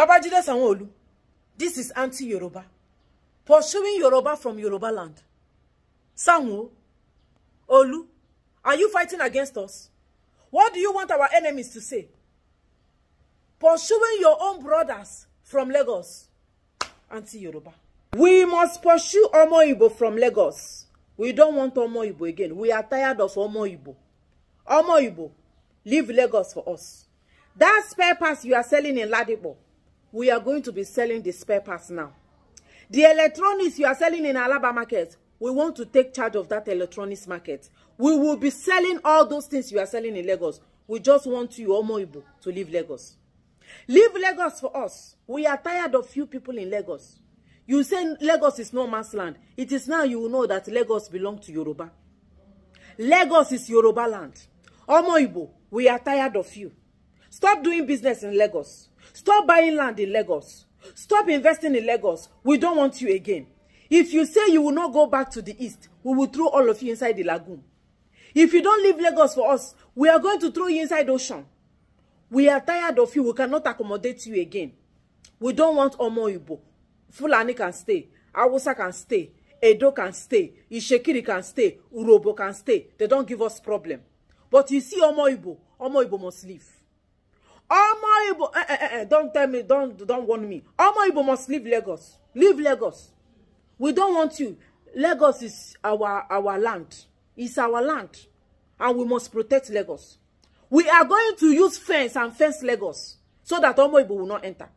Babajide Sanwo-Olu, this is anti-Yoruba. Pursuing Yoruba from Yoruba land. Sanwo-Olu, are you fighting against us? What do you want our enemies to say? Pursuing your own brothers from Lagos. Anti-Yoruba. We must pursue Omo Igbo from Lagos. We don't want Omo Igbo again. We are tired of Omo Igbo. Omo Igbo, leave Lagos for us. That spare pass you are selling in Ladipo, we are going to be selling the spare parts now. The electronics you are selling in Alaba market, we want to take charge of that electronics market. We will be selling all those things you are selling in Lagos. We just want you, Omo Ibu, to leave Lagos. Leave Lagos for us. We are tired of few people in Lagos. You say Lagos is no man's land. It is now you will know that Lagos belongs to Yoruba. Lagos is Yoruba land. Omo Ibu, we are tired of you. Stop doing business in Lagos. Stop buying land in Lagos. Stop investing in Lagos. We don't want you again. If you say you will not go back to the east, we will throw all of you inside the lagoon. If you don't leave Lagos for us, we are going to throw you inside ocean. We are tired of you. We cannot accommodate you again. We don't want Omo Igbo. Fulani can stay. Awusa can stay. Edo can stay. Ishekiri can stay. Urobo can stay. They don't give us problem. But you see Omo Igbo, Omo Igbo must leave. Omo Igbo, eh, eh, eh, eh, don't tell me, don't, don't warn me. Omo Ibo must leave Lagos. Leave Lagos. We don't want you. Lagos is our, our land. It's our land. And we must protect Lagos. We are going to use fence and fence Lagos so that Omo Ibo will not enter.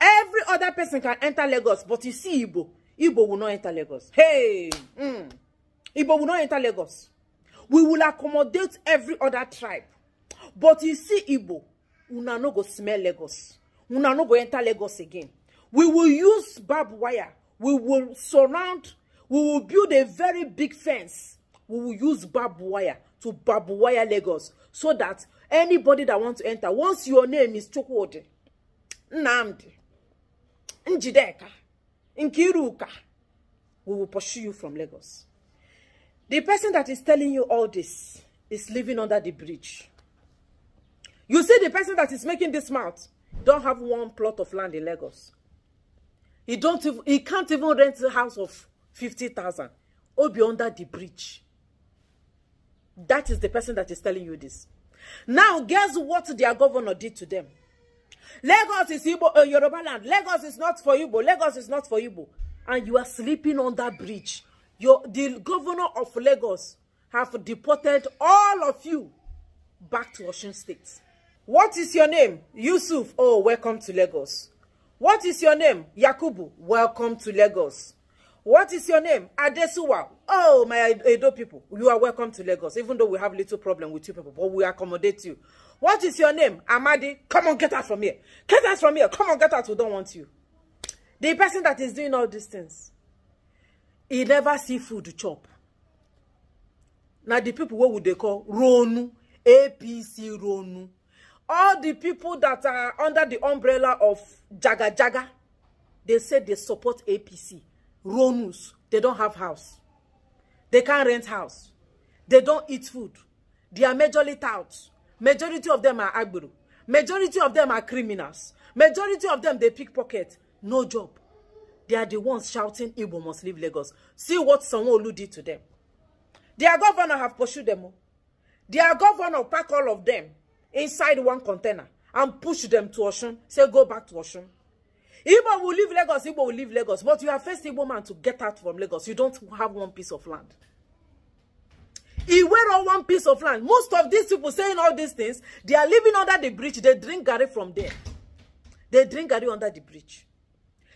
Every other person can enter Lagos, but you see Ibo, Ibo will not enter Lagos. Hey! Mm. Igbo will not enter Lagos. We will accommodate every other tribe. But you see Ibo una no go smell lagos una no go enter lagos again we will use barbed wire we will surround we will build a very big fence we will use barbed wire to barbed wire lagos so that anybody that wants to enter once your name is chukwudi nnamdi njideka nkiruka we will pursue you from lagos the person that is telling you all this is living under the bridge You see the person that is making this mouth don't have one plot of land in Lagos. He don't even, he can't even rent a house of 50,000 or be under the bridge. That is the person that is telling you this. Now, guess what their governor did to them? Lagos is Igbo, uh, Yoruba land. Lagos is not for Igbo. Lagos is not for Igbo. And you are sleeping on that bridge. Your, the governor of Lagos have deported all of you back to Osun State. What is your name? Yusuf. Oh, welcome to Lagos. What is your name? Yakubu. Welcome to Lagos. What is your name? Adesuwa. Oh, my Edo people, you are welcome to Lagos, even though we have little problem with you people, but we accommodate you. What is your name? Amadi. Come on, get out from here. Get out from here. Come on, get out. We don't want you. The person that is doing all these things, he never see food chop. Now, the people, what would they call? Ronu. APC Ronu all the people that are under the umbrella of Jaga Jaga, they say they support APC. Ronus, they don't have house. They can't rent house. They don't eat food. They are majorly touts. Majority of them are agbero. Majority of them are criminals. Majority of them, they pickpocket. No job. They are the ones shouting, Igbo must leave Lagos. See what Sanwo-Olu did to them. Their governor have pursued them. Their governor pack all of them inside one container and push them to Oshun. Say, go back to Oshun. Igbo will leave Lagos, Igbo will leave Lagos. But you are faced Igbo man to get out from Lagos. You don't have one piece of land. He wear on one piece of land. Most of these people saying all these things, they are living under the bridge. They drink Gary from there. They drink Gary under the bridge.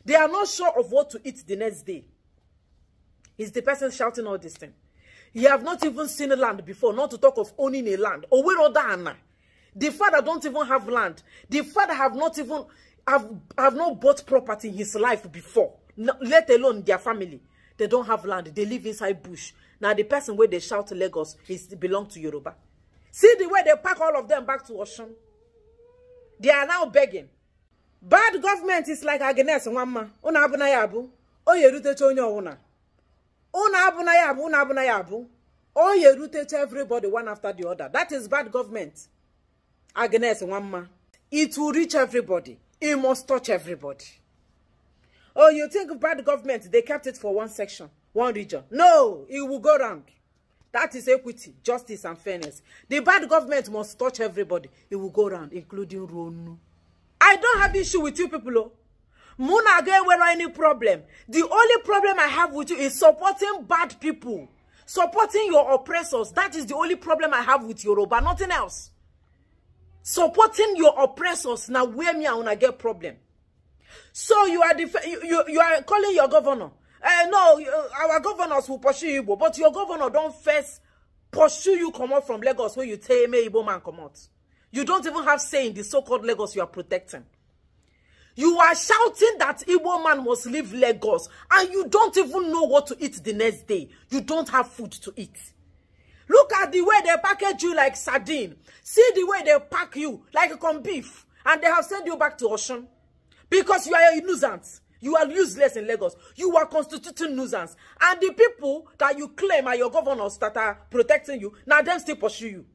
They are not sure of what to eat the next day. Is the person shouting all this thing. You have not even seen land before, not to talk of owning a land. Or where other The father don't even have land. The father have not even have have not bought property in his life before. No, let alone their family. They don't have land. They live inside bush. Now the person where they shout Lagos is belong to Yoruba. See the way they pack all of them back to Osun. They are now begging. Bad government is like Agnes Wamma. Una abuna yabu. Oye ruteche onye una. Una abuna yabu. Una abuna yabu. Oye ruteche everybody one after the other. That is bad government. Agnes Wamma. It will reach everybody. It must touch everybody. Oh, you think bad government, they kept it for one section, one region. No, it will go round. That is equity, justice, and fairness. The bad government must touch everybody. It will go round, including Ronu. I don't have issue with you people. Oh. Muna again, where any problem? The only problem I have with you is supporting bad people, supporting your oppressors. That is the only problem I have with Yoruba, nothing else supporting your oppressors now where me I wanna get problem. So you are def you, you, you are calling your governor. Uh, no, uh, our governors will pursue you, but your governor don't first pursue you come out from Lagos when you tell me Ibo man come out. You don't even have say in the so-called Lagos you are protecting. You are shouting that Igbo man must leave Lagos and you don't even know what to eat the next day. You don't have food to eat. Look at the way they package you like sardine. See the way they pack you like corn beef. And they have sent you back to Ocean. Because you are a nuisance. You are useless in Lagos. You are constituting nuisance. And the people that you claim are your governors that are protecting you, now them still pursue you.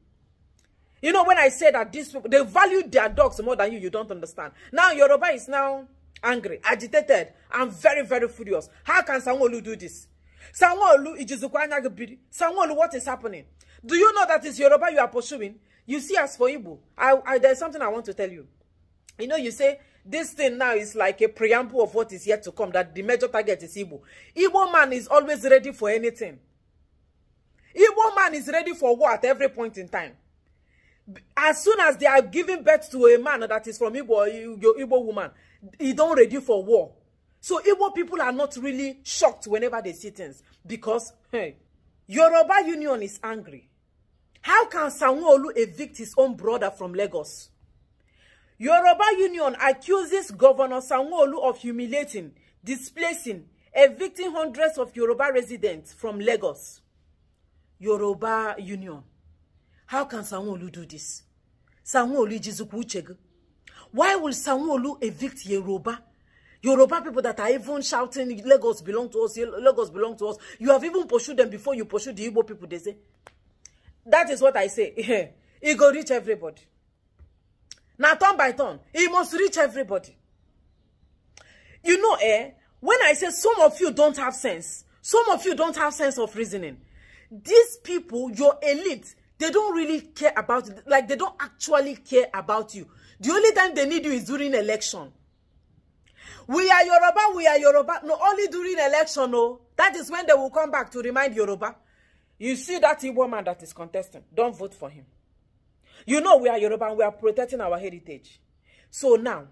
You know, when I say that these people, they value their dogs more than you, you don't understand. Now, Yoruba is now angry, agitated, and very, very furious. How can Sanwolu do this? Sanwo-Olu Ijizukwu Anya Gibiri. Sanwo-Olu, what is happening? Do you know that it's Yoruba you are pursuing? You see, as for Igbo, I, I, there's something I want to tell you. You know, you say, this thing now is like a preamble of what is yet to come, that the major target is Igbo. Igbo man is always ready for anything. Igbo man is ready for war at every point in time. As soon as they are giving birth to a man that is from Igbo, Igbo woman, he don't ready for war. So Igbo people are not really shocked whenever they see things because hey, Yoruba Union is angry. How can Sanwo-Olu evict his own brother from Lagos? Yoruba Union accuses Governor Sanwo-Olu of humiliating, displacing, evicting hundreds of Yoruba residents from Lagos. Yoruba Union. How can Sanwo-Olu do this? Sanwo-Olu Jizuku Ucheg. Why will Sanwo-Olu evict Yoruba Yoruba people that are even shouting, Lagos belong to us, Lagos belong to us. You have even pursued them before you pursued the Igbo people, they say. That is what I say. He go reach everybody. Now, turn by turn, he must reach everybody. You know, eh, when I say some of you don't have sense, some of you don't have sense of reasoning. These people, your elite, they don't really care about, like, they don't actually care about you. The only time they need you is during election. We are Yoruba, we are Yoruba. No, only during election, no. That is when they will come back to remind Yoruba. You see that Igbo man that is contesting. Don't vote for him. You know we are Yoruba and we are protecting our heritage. So now,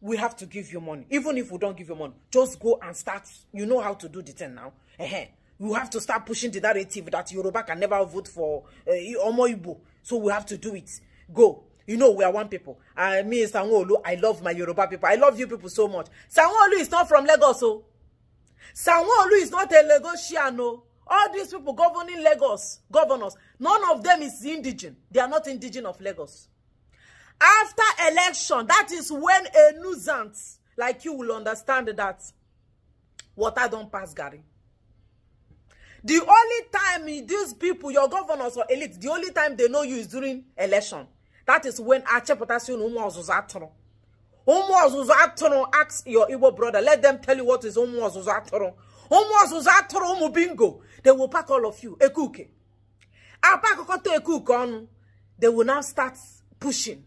we have to give you money. Even if we don't give you money, just go and start. You know how to do the thing now. Uh -huh. You have to start pushing the narrative that Yoruba can never vote for uh, Omo Igbo. So we have to do it. Go. You know, we are one people. I mean, Sanwo-Olu, I love my Yoruba people. I love you people so much. Sanwo-Olu is not from Lagos, oh. Sanwo-Olu is not a Lagosian, oh. All these people governing Lagos, governors, none of them is indigenous. They are not indigenous of Lagos. After election, that is when a nuisance like you will understand that water don pass Gary. The only time these people, your governors or elites, the only time they know you is during election. That is when achepụtasị unu ụmụ ọzụzụ atụrụ. Ụmụ ọzụzụ ask your Ibo brother. Let them tell you what is ụmụ ọzụzụ atụrụ. bingo. They will pack all of you. Ekuke. Apa akụkọta ekuke They will now start pushing.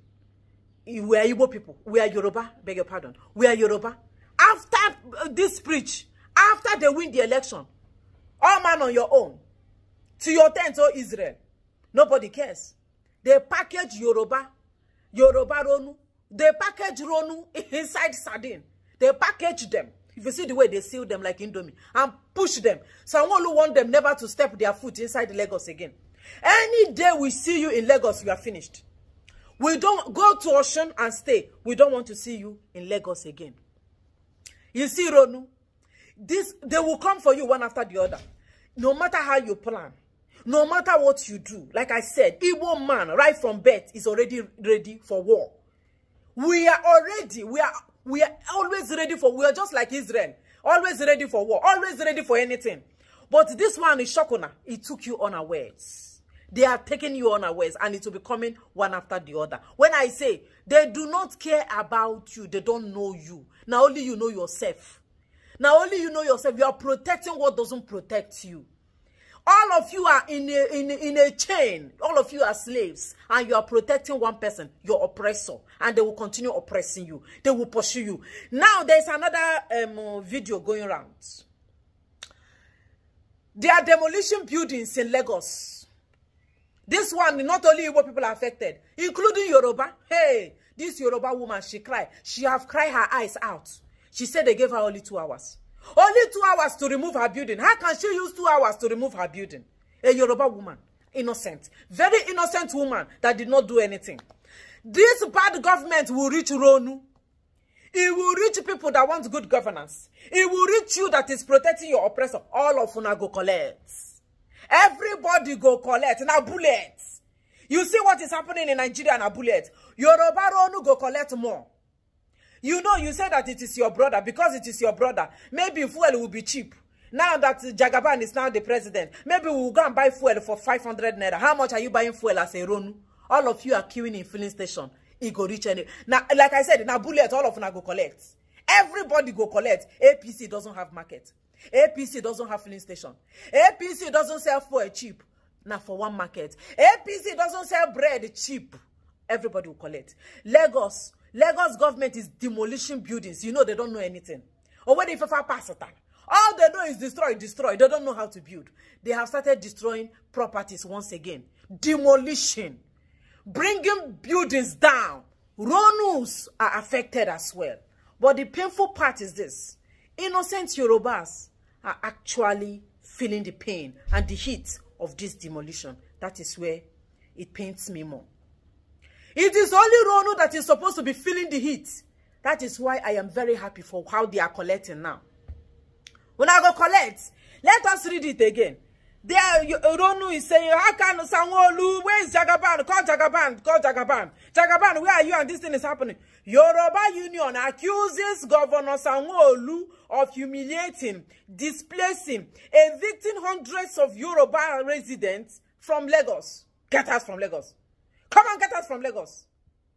We are Igbo people. We are Yoruba. Beg your pardon. We are Yoruba. After uh, this preach, after they win the election, all man on your own, to your tent, O oh Israel, nobody cares. They package Yoruba, Yoruba Ronu. They package Ronu inside sardine. They package them. If you see the way they seal them like Indomie and push them. Someone who want them never to step their foot inside Lagos again. Any day we see you in Lagos, you are finished. We don't go to Ocean and stay. We don't want to see you in Lagos again. You see, Ronu, this, they will come for you one after the other. No matter how you plan, No matter what you do, like I said, Igbo man right from birth is already ready for war. We are already, we are, we are always ready for, we are just like Israel. Always ready for war, always ready for anything. But this one is Shokuna. He took you unawares. They are taking you unawares and it will be coming one after the other. When I say, they do not care about you. They don't know you. Now only you know yourself. Now only you know yourself. You are protecting what doesn't protect you all of you are in a, in, in a chain. All of you are slaves. And you are protecting one person, your oppressor. And they will continue oppressing you. They will pursue you. Now, there's another um, video going around. There are demolition buildings in Lagos. This one, not only Igbo people are affected, including Yoruba. Hey, this Yoruba woman, she cried. She have cried her eyes out. She said they gave her only two hours. Only two hours to remove her building. How can she use two hours to remove her building? A Yoruba woman. Innocent. Very innocent woman that did not do anything. This bad government will reach Ronu. It will reach people that want good governance. It will reach you that is protecting your oppressor. All of una go collect. Everybody go collect. Now bullets. You see what is happening in Nigeria and a bullet. Yoruba Ronu go collect more. You know, you said that it is your brother because it is your brother. Maybe fuel will be cheap. Now that Jagaban is now the president, maybe we will go and buy fuel for 500 naira. How much are you buying fuel as a Ronu? All of you are queuing in filling station. It go reach any. Now, like I said, now bullet, all of them go collect. Everybody go collect. APC doesn't have market. APC doesn't have filling station. APC doesn't sell fuel cheap. Now for one market. APC doesn't sell bread cheap. Everybody will collect. Lagos, Lagos government is demolishing buildings. You know they don't know anything. Or whether if I pass it on. All they know is destroy, destroy. They don't know how to build. They have started destroying properties once again. Demolition. Bringing buildings down. Ronus are affected as well. But the painful part is this. Innocent Yorubas are actually feeling the pain and the heat of this demolition. That is where it pains me more. It is only Ronu that is supposed to be feeling the heat. That is why I am very happy for how they are collecting now. When I go collect, let us read it again. There, Ronu is saying, how can sanwo where is Jagaban? Call Jagaban, call Jagaban. Jagaban, where are you and this thing is happening? Yoruba Union accuses Governor sanwo of humiliating, displacing, evicting hundreds of Yoruba residents from Lagos. Get us from Lagos. Come and get us from Lagos.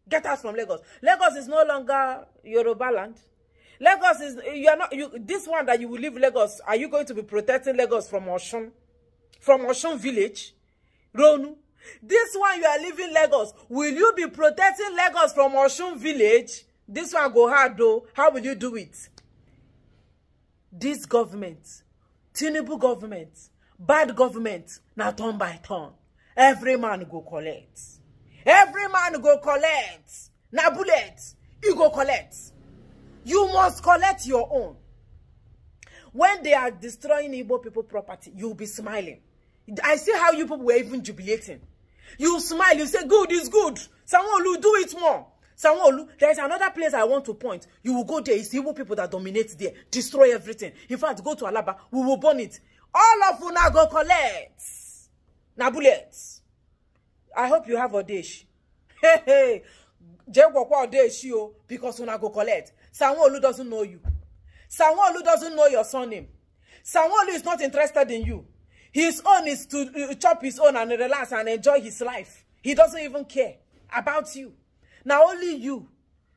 Get us from Lagos. Lagos is no longer Yoruba land. Lagos is you are not you this one that you will leave Lagos. Are you going to be protecting Lagos from Oshun? From Oshun village? Ronu. This one you are leaving Lagos. Will you be protecting Lagos from Oshun village? This one go hard though. How will you do it? This government, Tinubu government, bad government, Now turn by turn. Every man go collect every man go collect na bullet you go collect you must collect your own when they are destroying Igbo people property you'll be smiling I see how you people were even jubilating you smile you say good is good Someone will do it more Someone will. there is another place I want to point. You will go there. It's Igbo people that dominate there. Destroy everything. In fact, go to Alaba. We will burn it. All of you now go collect. Na bullets i hope you have odeshi hey hey! jegwokwa odeshi o because una go collect Someone who doesn't know you Someone who doesn't know your surname Someone who is not interested in you his own is to uh, chop his own and relax and enjoy his life he doesn't even care about you Now, only you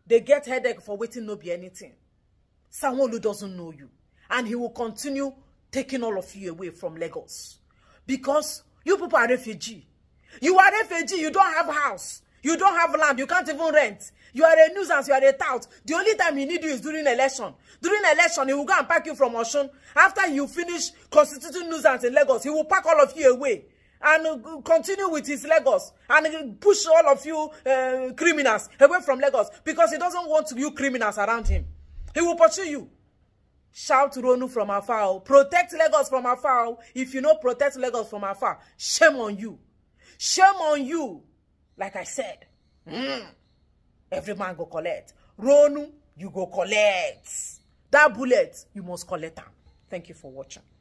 they get headache for waiting no be anything Someone who doesn't know you and he will continue taking all of you away from lagos because you people are refugee You are FAG, you don't have house. You don't have land, you can't even rent. You are a nuisance, you are a tout. The only time he need you is during election. During election, he will go and pack you from Oshun. After you finish constituting nuisance in Lagos, he will pack all of you away and uh, continue with his Lagos and push all of you uh, criminals away from Lagos because he doesn't want you criminals around him. He will pursue you. Shout Ronu from afar. Protect Lagos from afar. If you don't protect Lagos from afar, shame on you. Shame on you. Like I said. Mm. Every man go collect. Ronu, you go collect. That bullet, you must collect them. Thank you for watching.